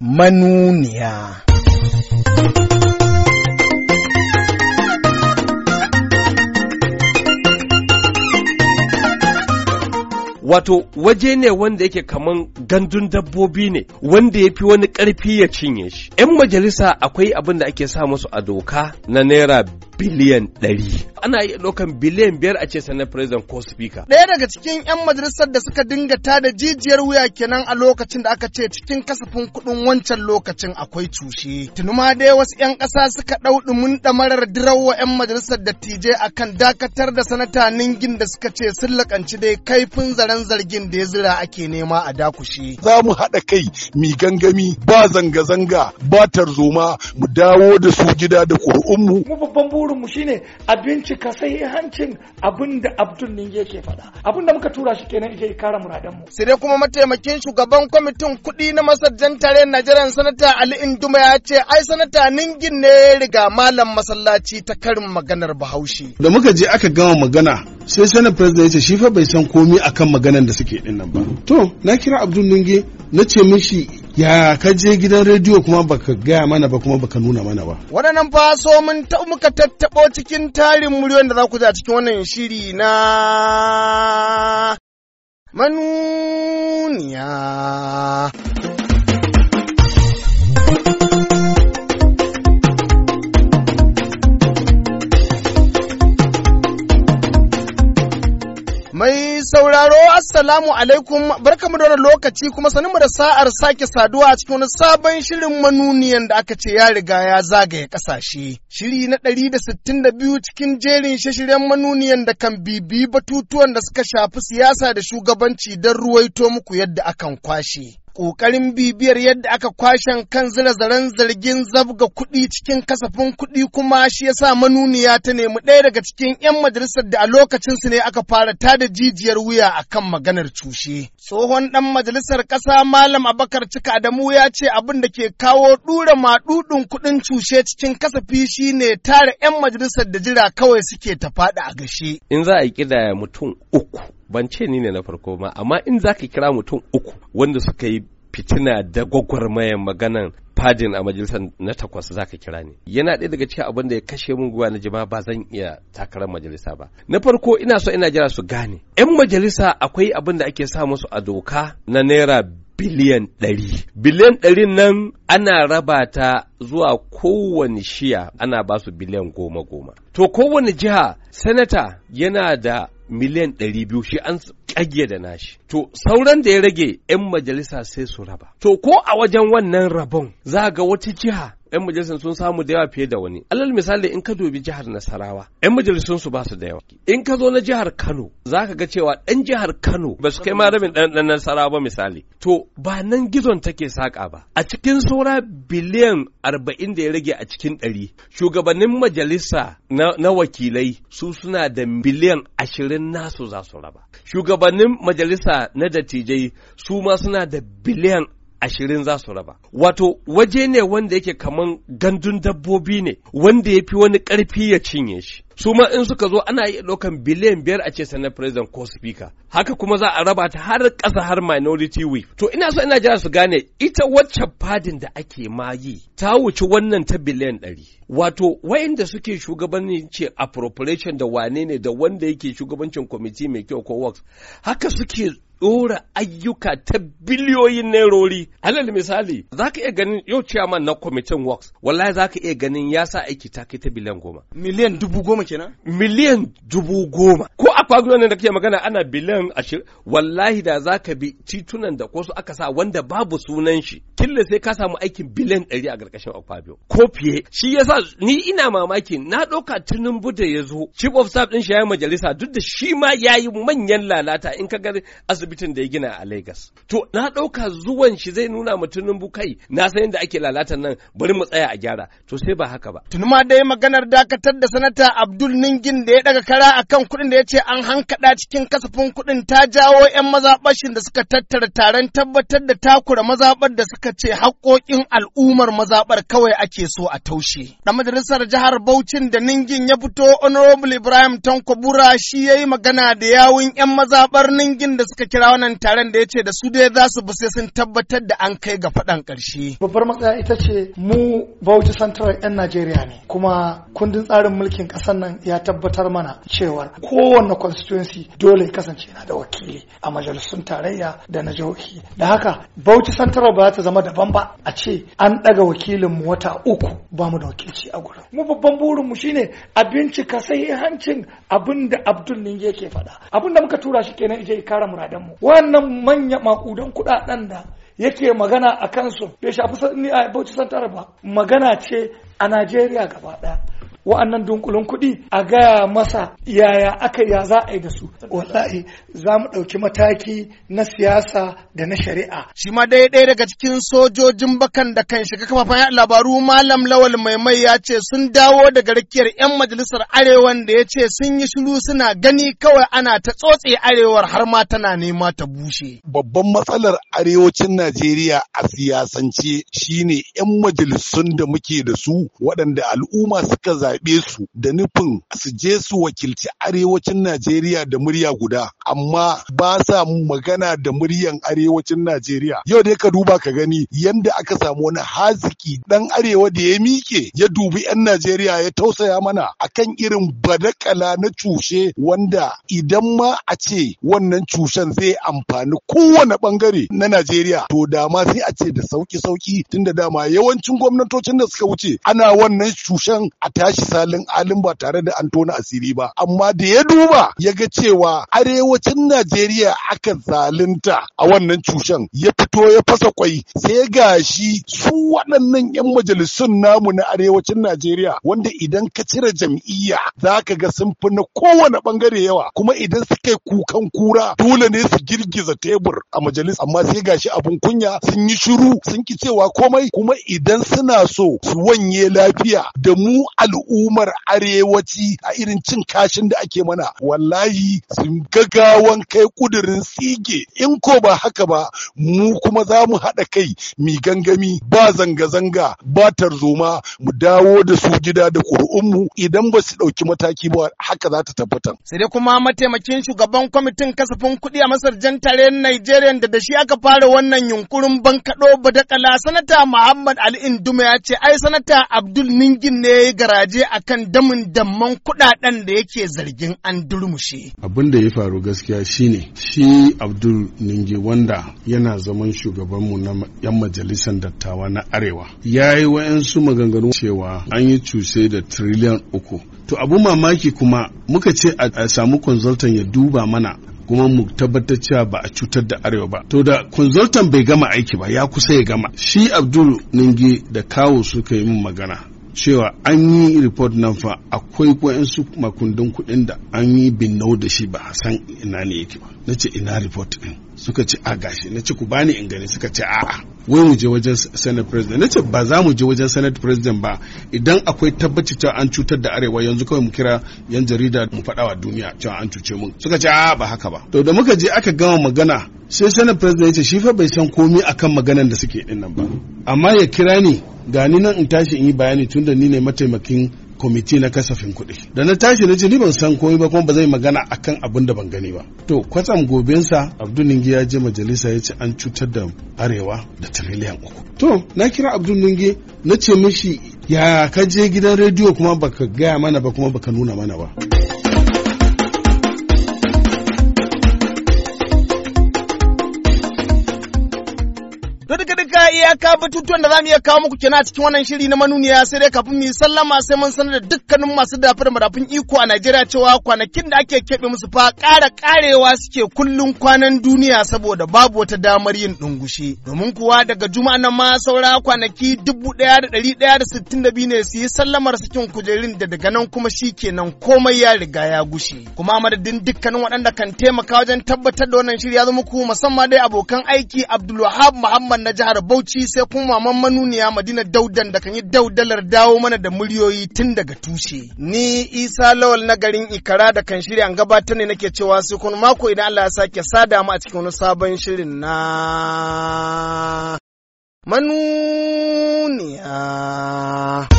manuniya. wato waje ne wanda yake kaman gandun dabbobi ne wanda ya fi wani ƙarfi ya cinye shi. 'Yan majalisa akwai abin da ake sa musu a doka na naira biliyan ɗari. Ana iya ɗaukan biliyan biyar a ce sanar president ko speaker. Ɗaya daga cikin 'yan majalisar da suka dinga ta da jijiyar wuya kenan a lokacin da aka ce cikin kasafin kuɗin wancan lokacin akwai cushe. Tunuma dai wasu 'yan ƙasa suka ɗau ɗumin ɗamarar dirawa 'yan majalisar dattijai akan dakatar da sanata Ningin da suka ce sun laƙanci dai kaifin zaren zargin da ya zira ake nema a dakushe. Za mu haɗa kai mi gangami ba zanga-zanga ba tarzoma mu dawo da su gida da ƙuri'unmu. Mu babban burinmu shine a bincika sai hancin abin da Abdul Ninge ke faɗa. Abin da muka tura shi kenan ita kara muradanmu. Sai kuma mataimakin shugaban kwamitin kuɗi na masajjan tare Najeriya sanata Ali Induma ya ce ai sanata Ningin ne riga malam masallaci ta karin maganar Bahaushe. Da muka je aka gama magana sai sanar president ya ce shi fa bai san komi akan maganar da suke dinnan ba. To na kira Abdul Ninge na ce mishi ya ka je gidan rediyo kuma baka gaya mana ba kuma baka nuna mana ba waɗannan fa so mun ta muka tattaɓo cikin tarin muryoyin da za ku je a cikin wannan shiri na manuniya Assalamu alaikum barkamu da wani lokaci kuma sanin mu da sa'ar sake saduwa a cikin wani sabon shirin manuniyan da aka ce ya riga ya zagaye kasashe. Shiri na ɗari da sittin da biyu cikin jerin shirin manuniyan da kan bibi batutuwan da suka shafi siyasa da shugabanci don ruwaito muku yadda akan kwashe. ƙoƙarin bibiyar yadda aka kwashen kan zira zargin zabga kuɗi cikin kasafin kuɗi kuma shi yasa manuniya ta nemi ɗaya daga cikin 'yan majalisar da a lokacinsu ne aka fara tada jijiyar wuya a kan maganar cushe. Tsohon ɗan majalisar ƙasa Malam Abakar Cika Adamu ya ce abin da ke kawo ɗura maɗuɗin kuɗin cushe cikin kasafi shi ne tara 'yan majalisar da jira kawai suke ta faɗi a gashe. In za a yi mutum uku ban ce ni ne na farko ba amma in za ka kira mutum uku wanda suka yi fitina da gwagwarmayar maganan fadin a majalisar na takwas za ka kira ni yana ɗaya daga cikin abin da ya kashe min guwa na jima ba zan iya takarar majalisa ba na farko ina so ina jira su gane 'yan majalisa akwai abin da ake sa musu a doka na naira biliyan ɗari. Biliyan ɗarin nan ana raba ta zuwa kowane shiya ana ba su biliyan goma goma. To kowane jiha sanata yana da miliyan ɗari biyu shi an ƙage da nashi. To sauran da ya rage 'yan majalisa sai su raba. To ko a wajen wannan rabon za ga wata jiha 'yan majalisar sun samu da yawa fiye da wani alal misali in ka dubi jihar nasarawa 'yan majalisun su ba su da yawa in ka zo na jihar kano za ka ga cewa ɗan jihar kano ba su kai ma rabin ɗan nasarawa ba misali to ba nan gizon take saƙa ba a cikin saura biliyan arba'in da ya rage a cikin ɗari shugabannin majalisa na, wakilai su suna da biliyan ashirin nasu za su raba shugabannin majalisa na dattijai su ma suna da biliyan ashirin za su raba wato waje ne wanda yake kaman gandun dabbobi ne wanda ya fi wani ƙarfi ya cinye shi su in suka zo ana iya ɗaukan biliyan biyar a ce sanar president ko speaker haka kuma za a raba ta har ƙasa har minority week. to ina so ina jira su gane ita waccan fadin da ake ma yi ta wuce wannan ta biliyan ɗari wato wayanda suke ce appropriation da wane ne da wanda yake shugabancin kwamiti mai kyau ko works haka suke ɗora ayyuka ta biliyoyin nerori Alal misali, za ka iya ganin yau ciyaman na kwamitin works, wallahi za ka iya ganin ya sa aiki ta kai ta biliyan goma. Miliyan dubu goma kenan? Miliyan dubu goma. Ko akwaguna ne da kake magana ana biliyan ashirin wallahi da za ka bi titunan da ko su aka sa wanda babu sunan shi killa sai ka samu aikin biliyan ɗari a ƙarƙashin akwabio ko fiye shi yasa ni ina mamaki na ɗauka tinubu da ya zo chief of staff ɗin shi ya majalisa duk da shi ma ya yi manyan lalata in ka ga asibitin da ya gina a Lagos to na ɗauka zuwan shi zai nuna ma tinubu kai na san yadda ake lalatan nan bari mu tsaya a gyara to sai ba haka ba tunuma dai maganar dakatar da sanata Abdul Ningin da ya daga kara akan kuɗin da ya ce an hankaɗa cikin kasafin kuɗin ta jawo 'yan mazaɓashin da suka tattara taron tabbatar da takura mazaɓar da suka ce haƙoƙin al'ummar mazaɓar kawai ake so a taushe. Da majalisar jihar Bauchin da Ningin ya fito Honorable Ibrahim Tanko Bura shi ya yi magana da yawun 'yan mazaɓar Ningin da suka kira wannan taron da ya ce da su dai za su bi sun tabbatar da an kai ga faɗan ƙarshe. Babbar matsaya ita ce mu Bauchi Central 'yan Najeriya ne kuma kundin tsarin mulkin ƙasar nan ya tabbatar mana cewar kowanne constituency dole ya kasance yana da wakili a majalisun tarayya da na jihohi da haka bauchi central ba za ta zama daban ba a ce an daga wakilin mu wata uku ba mu da wakilci a gurin mu babban burin mu shine a bincika sai hancin abin da abdul ninge yake faɗa abin da muka tura shi kenan ije kara muradan mu wannan manya makudan kudaden da yake magana a kansu bai shafi bauchi central ba magana ce a Najeriya gaba ɗaya wa'annan dunkulun kuɗi a gaya masa yaya aka ya za a yi da su wallahi za mu ɗauki mataki na siyasa da na shari'a shi ma dai ɗaya daga cikin sojojin bakan da kan shiga kafafen labaru malam lawal maimai ya ce sun dawo daga rakiyar 'yan majalisar arewan da ya ce sun yi shiru suna gani kawai ana ta tsotse arewar har ma tana nema ta bushe babban matsalar arewacin najeriya a siyasance shine 'yan majalisun da muke da su waɗanda al'umma suka zaɓi zaɓe su da nufin su je su wakilci arewacin Najeriya da murya guda amma ba sa magana da muryan arewacin Najeriya yau dai ka duba ka gani yanda aka samu wani haziki dan arewa da ya mike ya dubi 'yan Najeriya ya tausaya mana akan irin badakala na cushe wanda idan ma a ce wannan cushen zai amfani kowane bangare na Najeriya to da ma sai a ce da sauki sauki tunda dama yawancin gwamnatocin da suka wuce ana wannan cushen a tashi misalin alin ba tare da an tona asiri ba amma da ya duba ya ga cewa arewacin najeriya aka zalunta a wannan cushen ya fito ya fasa kwai sai ga shi su waɗannan 'yan majalisun namu na arewacin najeriya wanda idan ka cire jam'iyya za ka ga sun fi na kowane ɓangare yawa kuma idan suka yi kukan kura dole ne su girgiza tebur a majalis amma sai gashi abun kunya sun yi shiru sun ki cewa komai kuma idan suna so su wanye lafiya da mu al'umma al'ummar arewaci a irin cin kashin da ake mana wallahi sun gagawan kai kudirin tsige in ko ba haka ba mu kuma za mu haɗa kai mi gangami ba zanga-zanga ba tarzoma mu dawo da su gida da ƙuri'unmu idan ba su ɗauki mataki ba haka za ta tabbatar. sai dai kuma mataimakin shugaban kwamitin kasafin kuɗi a masar jan tare Najeriya da da shi aka fara wannan yunkurin bankaɗo badakala sanata Muhammad Ali Induma ya ce ai sanata Abdul Ningin ne ya yi garaji. a akan damin damman kuɗaɗen da yake zargin an durmushe. Abin da ya faru gaskiya shine shi Abdul Ninge wanda yana zaman shugabanmu na 'yan majalisar dattawa na Arewa. Ya yi wa'yansu maganganu cewa an yi cuse da triliyan uku. To abu mamaki kuma muka ce a samu consultant ya duba mana kuma mu tabbatar cewa ba a cutar da arewa ba to da consultant bai gama aiki ba ya kusa ya gama shi abdul ninge da kawo suka yi min magana cewa an yi report nan fa akwai wayansu makundin kuɗin da an yi binnau da shi ba san ina ne yake ba na ce ina report ɗin suka ce a gashi na ce ku bani in gani suka ce a'a wai mu je wajen senate president na ce ba za mu je wajen senate president ba idan akwai tabbaci cewa an cutar da arewa yanzu kawai mu kira yan jarida mu faɗa wa duniya cewa an cuce mu suka ce a'a ba haka ba to da muka je aka gama magana sai senate president ya ce shi fa bai san komi akan maganan da suke ɗin nan ba amma ya kira ni gani nan in tashi in yi bayani tun da ni ne mataimakin kwamiti na kasafin kuɗi da na tashi na ce ni ban san komai ba kuma ba zai magana akan abin da ban gani ba to kwatsam gobensa abdul ningi ya je majalisa ya ce an cutar da arewa da tiriliyan uku to na kira abdul ningi na ce mishi ya ka je gidan rediyo kuma baka gaya mana ba kuma baka nuna mana ba. iyaka batutuwan da za mu iya kawo muku kenan a cikin wannan shiri na manuniya sai dai kafin mu yi sallama sai mun sanar da dukkanin masu dafa da madafin iko a Najeriya cewa kwanakin da ake keɓe musu fa ƙara ƙarewa suke kullum kwanan duniya saboda babu wata damar yin dungushe. Domin kuwa daga juma'a nan ma saura kwanaki dubu ɗaya da ɗari ɗaya da sittin da biyu ne su yi sallamar sakin kujerun da daga nan kuma shi kenan komai ya riga ya gushe. Kuma madadin dukkanin waɗanda kan taimaka wajen tabbatar da wannan shiri ya zama muku musamman dai abokan aiki Abdulwahab Muhammad na jihar Bauchi. lokaci sai kuma maman manuniya madina daudan da kan yi daudalar dawo mana da muryoyi tun daga tushe ni isa lawal na garin ikara da kan shirya an gabatar ne nake cewa sai kun mako idan allah ya sake sada mu a cikin wani sabon shirin na manuniya